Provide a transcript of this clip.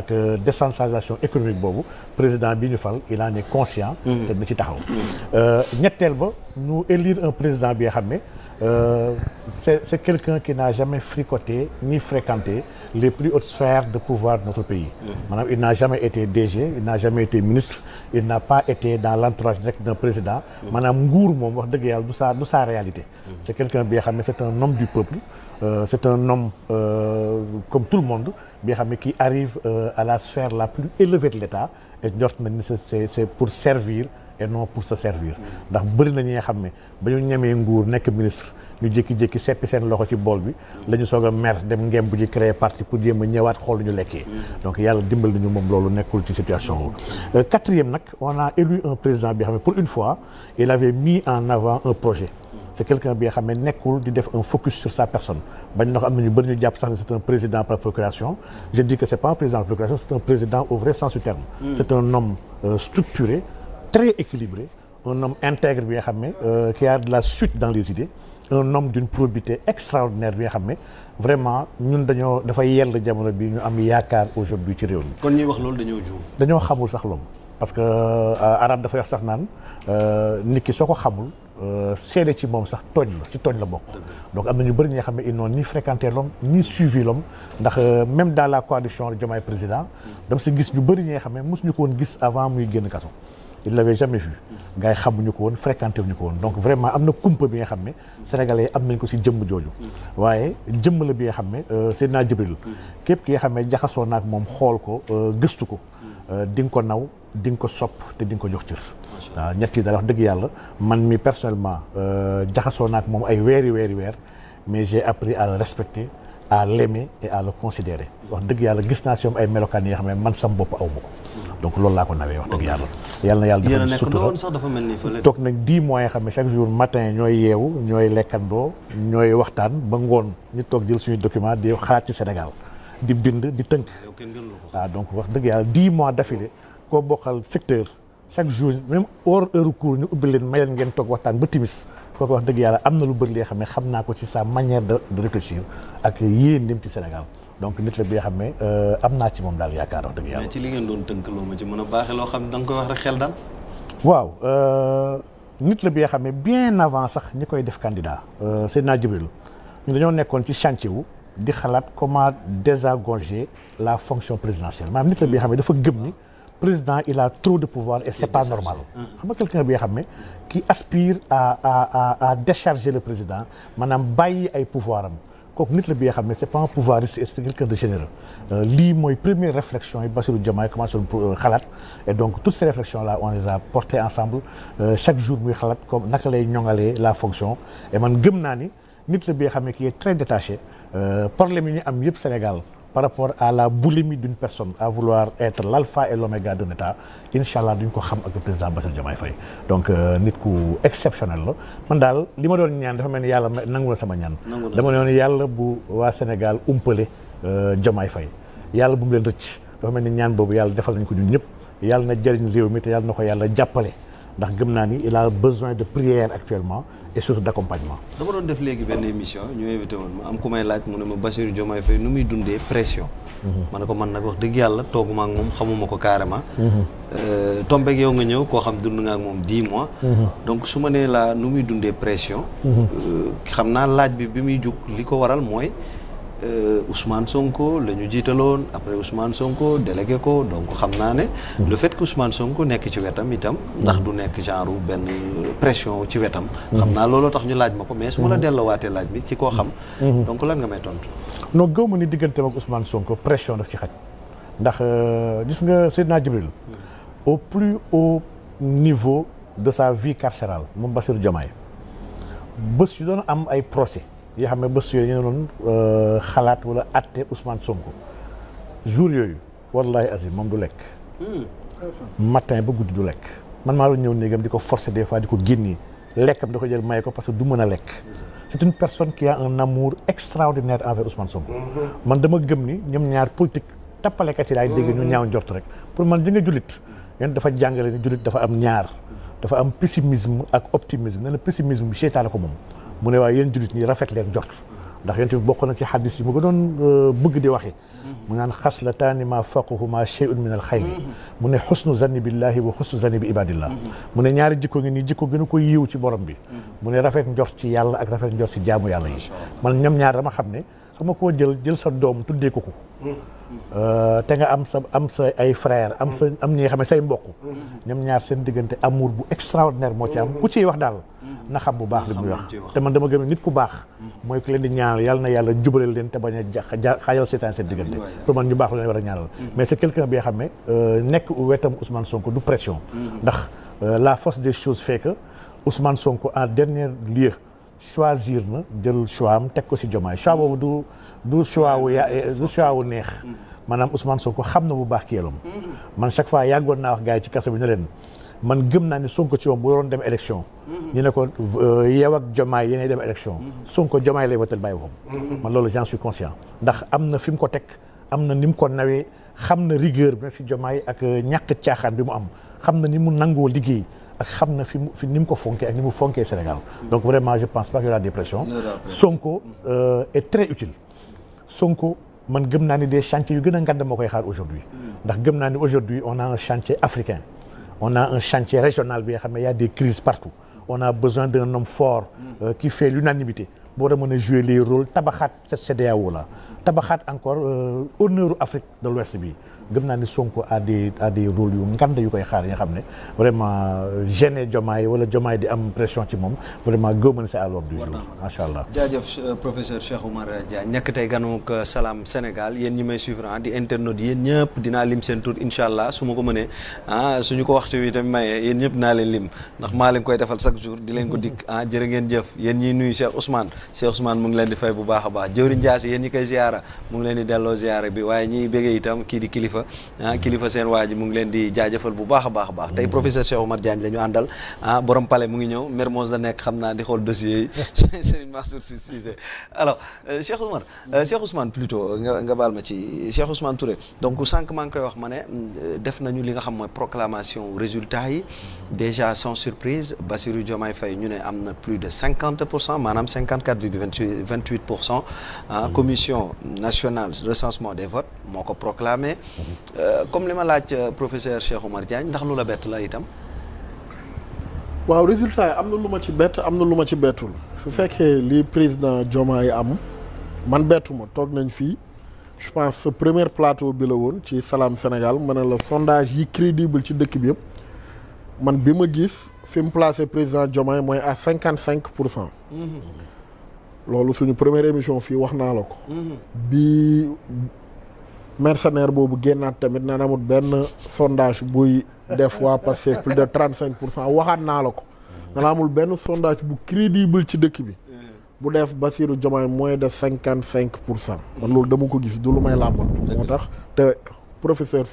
ak euh, décentralisation économique boobu président bi ñu fal il en est conscient. Mm-hmm. te dina ci taxaw. Mm-hmm. Euh, ñetteel ba ñu élire un président bi nga xam ne euh, c'est c'est quelqu'un qui n'a jamais fricoté ni fréquenté les plus hautes sphères de pouvoir de notre pays. Mm-hmm. maanaam il n'a jamais été DG il n'a jamais été ministre il n'a pas été dans l'entourage direct d'un président. maanaam nguur moom wax dëgg yàlla du sa du sa réalité. c'est quelqu'un bi nga xam ne c'est un homme du peuple c'est un homme bi xam ne qui arrive euh, à la sphère la plus élevée de l'État et njort nañ ne c'est c'est pour servir et non pour se servir ndax bëri na ñi xam ne ba ñu ñemee nguur nekk ministre ñu jékki-jékki seppi seen loxo ci bool bi la ñu soog a mer dem ngem bu ji créer parti pour jéem a ñëwaat xool ñu lekkee donc yàlla dimbal nañu moom loolu nekkul ci situation boobu euh, quatrième nag on a élu un président bi xam ne pour une fois il avait mis en avant un projet c' est quelqu'un bi nga xam ne nekkul di def un focus sur sa personne bañ na ko am na ñu bëri ñu jàpp sax ne c' est un président par procuration je dis que c' est pas un président par procuration c' est président au vrai sens du terme hmm. c' est un euh, structuré très équilibré un homme intègre bi nga xam ne euh, qui a de la suite dans les idées un homme d'une probité extraordinaire bi nga xam ne vraiment ñun dañoo dafa yell jamono bi ñu am yaakaar aujourd'hui ci réew mi. kon ñuy wax loolu dañoo juum. dañoo xamul sax parce que euh, arab dafa wax sax naan nit ki soo xamul. Euh, seede ci moom sax tooñ la ci tooñ la bokk donc am na ñu bëri ñi nga xam ne ils n'ont ni fréquenté l'homme ni suivi l'homme ndax euh, même dans la coalition Diomaye président dama si gis ñu bëri ñi nga xam ne mosuñu ko woon gis avant muy génn kaso il l'avait jamais vu gars yi xamuñu ko woon fréquenté wuñu ko woon donc vraiment am na kumpa bi nga xam ne sénégalais yi am nañ ko si jëm jooju waaye jëmm la bi nga xam ne euh, Seydina Jibril képp ki nga xam ne jaxasoo ak moom xool ko gëstu ko di nga ko naw di nga ko sopp te di ko jox cër waaw ñett yi daal wax dëgg yàlla man mi personnellement euh, jaxasoo naa ak moom ay weeri weeri weer mais j'ai appris à le respecter à l'aimer et à le considérer wax dëgg yàlla gis naa si moom ay melokaan yi nga xam ne man sam bopp aw ma ko donc loolu laa ko nawee wax dëgg yàlla yàlla na yàlla dafa ñu sutura sax dafa mel ni toog nañ dix mois yoo xam ne chaque jour matin ñooy yeewu ñooy lekkandoo ñooy waxtaan ba ngoon ñu toog jël suñu document di xalaat ci Sénégal di bind di tënk waaw donc wax dëgg yàlla dix mois d'affilée koo bokkal chaque jour même hors heure cours ñu ubbi leen may ngeen toog waxtaan ba timis kooku wax dëgg yàlla am na lu bëri li nga xam ne xam naa ko ci sa manière de réfléchir ak yéen dem ci Sénégal donc nit la bi nga xam ne euh, am naa ci moom daal yaakaar wax dëgg yàlla. mais ci li ngeen doon tënk loo ma a baaxee loo xam ne da nga koy wax waaw euh, nit la bi nga xam ne bien avant sax ñi koy def candidat. Euh, Seydina Djibril ñu dañoo nekkoon ci chantier wu di xalaat comment désengorger la fonction présidentielle maanaam nit la bi nga xam ne dafa gëm ni. président il a trop de pouvoir et c'est pas normal ah. xam nga quelqu'un bi nga xam ne qui aspire à décharger le président maanaam bàyyi ay pouvoir am kooku nit la bi nga xam ne c'est pas un pouvoiriste et c'est quelqu'un de généreux euh, lii mooy première réflexion yi Bassirou Diomaye commencé euh, xalaat et donc toutes ces réflexions là on les a portées ensemble euh, chaque jour muy xalaat comme naka lay ñoŋalee la fonction et man gëm naa ni nit la bi nga xam ne qui est très détaché problème yi ñu am yëpp Sénégal par rapport à la boulimie d'une a à vouloir être l'alpha et l'oméga d'un État incha allah duñ ko xam ak le président Bassirou Diomaye Faye donc euh, nit ku exceptionnel la man daal li ma doon ñaan dafa mel ni yàlla nangu na sama ñaan dama doon yàlla bu waa Sénégal umpale euh, Diomaye fay yàlla bu mu leen rëcc dafa mel ni ñaan boobu yàlla defal nañ ko ñun ñëpp yàlla na jëriñ réew mi te yàlla na ko yàlla jàppale ndax gëm naa ni il a besoin de prière actuellement et surtout d'accompagnement. dama doon def léegi benn émission ñu invité woon ma am ku may laaj mu ne ma Bassirou Diomaye Faye nu muy dundee pression. ma ne ko man nag wax dëgg yàlla tooguma ak moom xamuma ko carrément. Euh, tombeek yow nga ñëw koo xam dund nga ak moom dix mois. donc su ma nee laa nu muy dundee pression. Mhm. Euh, xam naa laaj bi bi muy jug li ko waral mooy. Euh, Ousmane Sonko la ñu jiitaloon après Ousmane Sonko délégué ko donc xam naa ne. lu fait que Ousmane Sonko nekk ci wetam itam. ndax du nekk genre benn pression ci wetam. xam naa looloo tax ñu laaj ma ko mais su ma la mhm. delloowaatee laaj bi ci koo xam. Mhm. donc lan nga may tontu. non gëw ma ni diggante ak Ousmane Sonko pression daf ci xaj. ndax euh, gis nga Seydina Jibril mhm. au plus haut niveau de sa vie carcérale mu Bassirou Diomaye bés yu doon am ay procès. yi xam ne bés yooyu ñu doon euh, xalaat wala àtte Ousmane Sonko jour yooyu wallahi azim moom du lekk. Hmm. matin ba guddi du lekk. man maa doon ñëw néegam di ko force des fois di ko génnee lekkam da ko jël maye ko parce que du mën a lekk. c'est une personne qui a un amour extraordinaire envers Ousmane Sonko. Hmm. man dama gëm ni ñoom ñaar politique tappalekat yi laay dégg ñu hmm. ñaaw njort rek pour man di nga jullit. yéen dafa jàngale ni jullit dafa am ñaar. dafa am pessimisme ak optimisme nee na pessimisme bi ko moom. mu ne waaye yéen jullit ñi rafet leen jort ndax yéen tamit bokk na ci xaddis yi mu ko doon euh, bëgg di waxee mu naan xaslataani maa faqahuma cheyun min al xayri mu ne xusnu zanni billahi wa xusnu zanni bi ibadillah mu ne ñaari jikko ngi nii jikko gënu ko yiw ci borom bi mu ne rafet njort ci yàlla ak rafet njort ci jaamu yàlla yi man ñoom ñaar ma xam ne ma koo jël jël sa doom tuddee ko ko. Euh, te nga am sa am sa ay frère am sa am ñi nga xam ne say mbokk. ñoom ñaar seen diggante amour bu extraordinaire moo ci am ku ciy wax daal. na xam bu baax li muy wax te man dama gëm nit ku baax. mooy ku leen di ñaanal yàlla na yàlla jubaleel leen te bañ a ja xaajal seetaan seen diggante. pour man ñu baax la war a ñaanal. mais c'est quelqu'un bi nga xam ne euh, nekk wetam Ousmane Sonko du pression. ndax euh, la force des choses fait que Ousmane Sonko en dernier lieu. choisir na jël choix am teg ko si Diomaye choix boobu du du choix wu ya du choix wu neex maanaam Ousmane Sonko xam na bu baax kéelam man chaque fois yàggoon naa wax gars yi ci kaso bi ne leen man gëm naa ne Sonko ci moom bu roon dem élection ñu ne ko euh, yow ak Diomaye yéenay dem élection Sonko Diomaye lay votel bàyyi boppam man loolu j'en suis ndax am na fi mu ko teg am na ni mu ko nawee xam na rigueur bi na ci Diomaye ak euh, ñàkk caaxaan bi mu am xam na ni mu nangoo liggéey ak xam na fi mu fi ni ko fonke ak ni mu fonkee Sénégal donc vraiment je pense pas qu'il y aura des pressions Sonko euh, est très utile Sonko man gëm naa ni des chantiers yu gën a moo koy xaar aujourd'hui ndax gëm naa ni aujourd'hui on a un africain on a un régional bi nga xam ne y a des crises partout on a besoin d'un homme fort euh, qui fait l'unanimité boo war a mën a jouer les rôles tabaxaat cette CEDEAO la tabaxaat encore euh, honneur Afrique de l'Ouest bi gëm naa ni Sonko a des a des rôles yu ngand yu koy xaar yi nga xam ne vraiment euh, gêner Diomaye wala Diomaye di am pression ci moom vraiment gëmën c'est à l'ordre du jour macha allah jaajëf euh, professeur Cheikh Oumar Diagne nekk tey ganuk Salam Sénégal yéen ñi may suivre ah di internautes ñëpp dinaa lim seen tur incha allah su ma ko mënee ah suñu ko waxtu wi tamit mayee yéen ñëpp dinaa leen lim ndax maa leen koy defal chaque jour di leen ko dikk ah jërë ngeen jëf yéen ñiy nuyu Cheikh Ousmane Cheikh Ousmane mu ngi leen di fay bu baax baax Diarra mu ngi leen di delloo ziara bi waaye ñiy béggee itam kii di kilifa ah kilifa seen waa ji mu ngi leen di jaajëfal bu baax a baax a baax tey professeur Cheikh Omar Diagne la ñu àndal ah borom palais nekk xam naa di xool dossier yi Serigne Mansour Sy Cissé alors euh, Cheikh euh, baal ma ci Cheikh Ousmane Touré donc sànq maa ngi koy wax ma ne euh, def nañu li nga xam mooy proclamation résultat yi déjà sans surprise Bassirou Diomaye Faye ñu ne am na plus de cinquante pour cent maanaam cinquante quatre virgule vingt huit pour cent ah, commission national recensement des votes moo ko proclamé euh, comme li ma laaj euh, professeur Cheikh Oumar Diagne ndax lu la bett la itam. waaw résultat yi am na lu ma ci bett am na lu ma ci bettul su fekkee li président yi am man bettuma toog nañ fii je pense sa plateau bi la woon ci salaam Sénégal ma ne la sondage yi crédible ci dëkk bi yëpp man bi ma gis fi mu placé président Diomaye mooy à cinquante cinq pour cent. Mhm. loolu suñu première émission fii wax naa la ko. bi mercenaire boobu génnaat tamit nee na benn sondage buy def waa passé plus de trente cinq pour cent waxaat naa la ko. nee na amul benn sondage bu crédible ci dëkk bi. bu def Bassirou Diomaye moins de cinquante cinq pour cent. man loolu dama ko gis du lu may làmbat moo tax te professeur